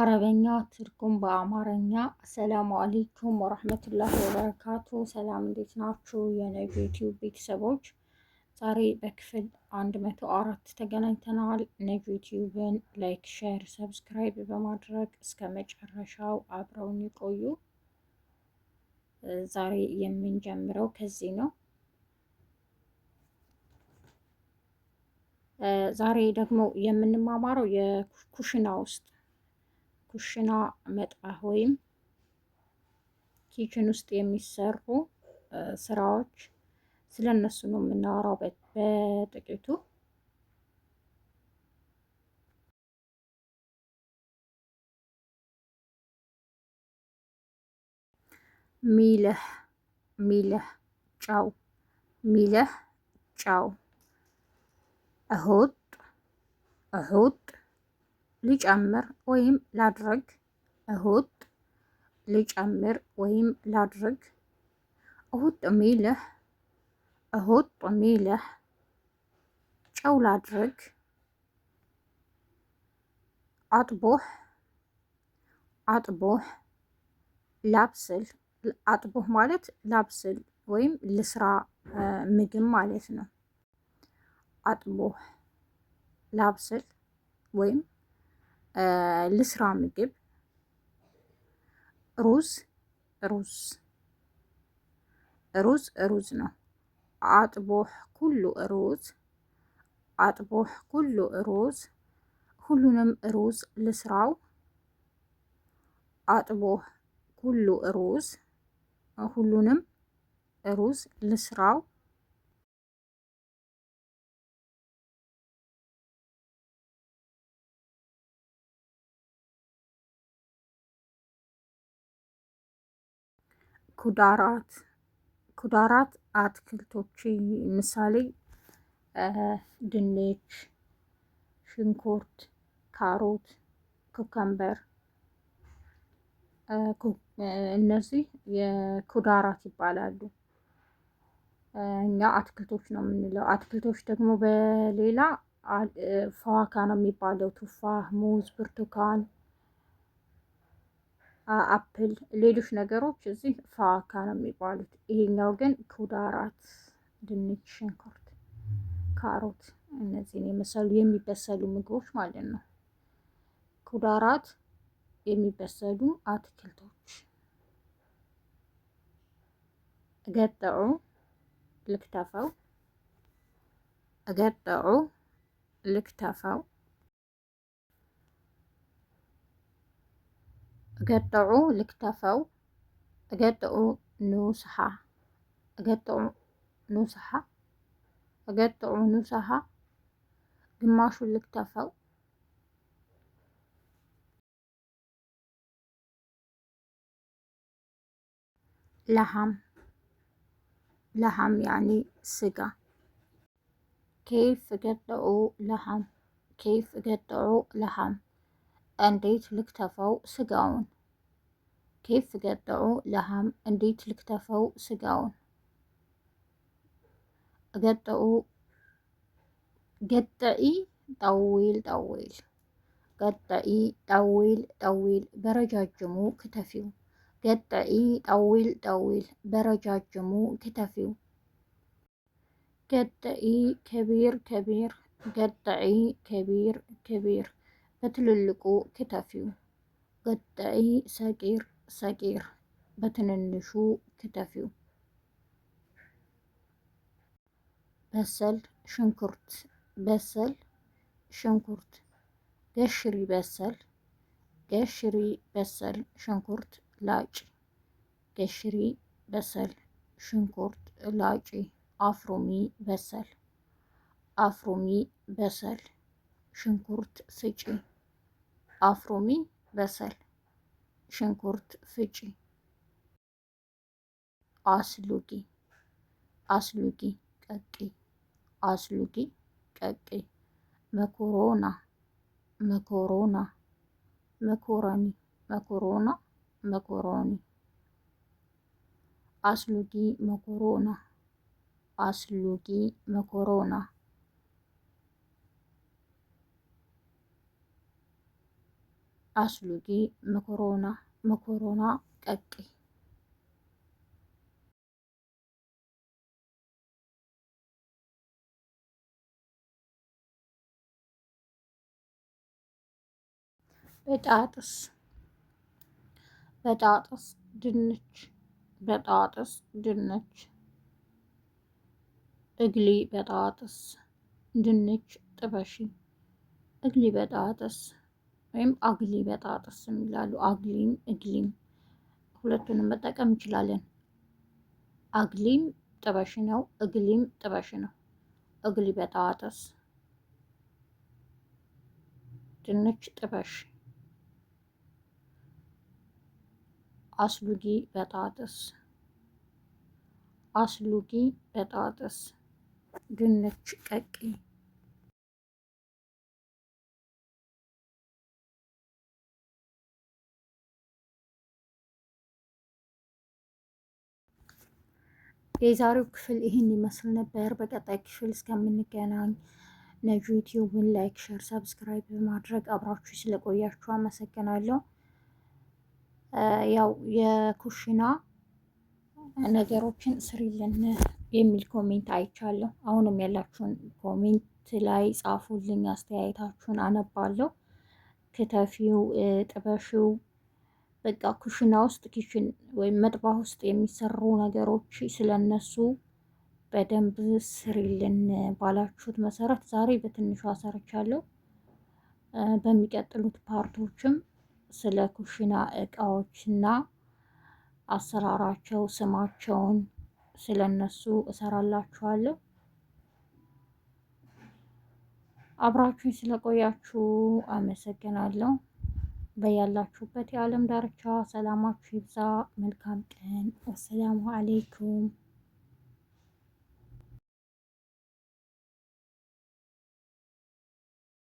አረበኛ ትርጉም በአማርኛ። አሰላሙ አሌይኩም ወረህመቱላሂ ወበረካቱ። ሰላም እንዴት ናችሁ? የነጁ ዩቲዩብ ቤተሰቦች ዛሬ በክፍል አንድ መቶ አራት ተገናኝተናል። ነጁ ዩቲዩብን ላይክ፣ ሼር፣ ሰብስክራይብ በማድረግ እስከ መጨረሻው አብረውን ይቆዩ። ዛሬ የምንጀምረው ከዚህ ነው። ዛሬ ደግሞ የምንማማረው የኩሽና ውስጥ ኩሽና መጣህ ወይም ኪችን ውስጥ የሚሰሩ ስራዎች ስለ እነሱ ነው የምናወራው በጥቂቱ። ሚለህ ሚለህ ጨው ሚለህ ጨው እሁጥ እሁጥ ልጨምር ወይም ላድርግ፣ እሁጥ ልጨምር ወይም ላድርግ፣ እሁጥ ሚልህ እሁጥ ሚልህ፣ ጨው ላድርግ፣ አጥቦህ አጥቦህ፣ ላብስል አጥቦህ ማለት ላብስል ወይም ልስራ ምግብ ማለት ነው። አጥቦህ ላብስል ወይም ልስራ ምግብ ሩዝ ሩዝ ሩዝ ሩዝ ነው። አጥቦህ ኩሉ ሩዝ አጥቦህ ኩሉ ሩዝ ሁሉንም ሩዝ ልስራው። አጥቦህ ኩሉ ሩዝ ሁሉንም ሩዝ ልስራው። ኩዳራት ኩዳራት አትክልቶች ምሳሌ ድንች፣ ሽንኩርት፣ ካሮት፣ ኩከምበር እነዚህ የኩዳራት ይባላሉ። እኛ አትክልቶች ነው የምንለው። አትክልቶች ደግሞ በሌላ ፈዋካ ነው የሚባለው። ቱፋህ፣ ሙዝ፣ ብርቱካን አፕል፣ ሌሎች ነገሮች እዚህ ፋካ ነው የሚባሉት። ይሄኛው ግን ኩዳራት፣ ድንች፣ ሽንኩርት፣ ካሮት እነዚህን የመሰሉ የሚበሰሉ ምግቦች ማለት ነው። ኩዳራት የሚበሰሉ አትክልቶች እገጠዑ ልክተፈው እገጠዑ ልክተፈው قطعوا لكتفه قطعوا نصها قطعوا نصها قطعوا نصها قماشوا لكتفه لحم لحم يعني سجا كيف قطعوا لحم كيف قطعوا لحم እንዴት ልክተፈው ስጋውን? ኬፍ ገጠዑ ለሃም እንዴት ልክተፈው ስጋውን? ገጠዑ ገጠዒ ጠዊል ጠዊል ገጠኢ ጠዊል ጠዊል በረጃጅሙ ክተፊው። ገጠኢ ጠዊል ጠዊል በረጃጅሙ ክተፊው። ገጠኢ ከቢር ከቢር ገጠዒ ከቢር ከቢር በትልልቁ ክተፊው። ቀጣይ ሰቂር ሰቂር በትንንሹ ክተፊው። በሰል ሽንኩርት በሰል ሽንኩርት ገሽሪ በሰል ገሽሪ በሰል ሽንኩርት ላጭ ገሽሪ በሰል ሽንኩርት ላጭ አፍሮሚ በሰል አፍሮሚ በሰል ሽንኩርት ስጪ አፍሮሚ በሰል ሽንኩርት ፍጪ፣ አስሉጊ አስሉጊ ቀቂ አስሉጊ ቀቂ፣ መኮሮና መኮሮና መኮረኒ መኮሮና መኮሮኒ፣ አስሉጊ መኮሮና አስሉጊ መኮሮና አስሉጊ መኮሮና መኮሮና ቀቂ በጣጥስ በጣጥስ ድንች በጣጥስ ድንች እግሊ በጣጥስ ድንች ጥበሺ እግሊ በጣጥስ ወይም አግሊ በጣጥስ የሚላሉ አግሊም እግሊም ሁለቱንም መጠቀም እንችላለን። አግሊም ጥበሽ ነው፣ እግሊም ጥበሽ ነው። እግሊ በጣጥስ ድንች ጥበሽ፣ አስሉጊ በጣጥስ፣ አስሉጊ በጣጥስ፣ ድንች ቀቂ የዛሬው ክፍል ይህን ይመስል ነበር። በቀጣይ ክፍል እስከምንገናኝ ነጁ ዩቲዩብን ላይክ፣ ሸር፣ ሰብስክራይብ በማድረግ አብራችሁ ስለቆያችሁ አመሰግናለሁ። ያው የኩሽና ነገሮችን ስሪልን የሚል ኮሜንት አይቻለሁ። አሁንም ያላችሁን ኮሜንት ላይ ጻፉልኝ፣ አስተያየታችሁን አነባለሁ። ክተፊው፣ ጥበሺው በቃ ኩሽና ውስጥ ኪችን ወይም መጥባህ ውስጥ የሚሰሩ ነገሮች ስለነሱ በደንብ ስሪልን ባላችሁት መሰረት ዛሬ በትንሹ አሰርቻለሁ። በሚቀጥሉት ፓርቶችም ስለ ኩሽና እቃዎችና አሰራራቸው ስማቸውን ስለነሱ እሰራላችኋለሁ። አብራችሁኝ ስለቆያችሁ አመሰግናለሁ። በያላችሁበት የዓለም ዳርቻ ሰላማችሁ ይብዛ። መልካም ቀን። አሰላሙ አሌይኩም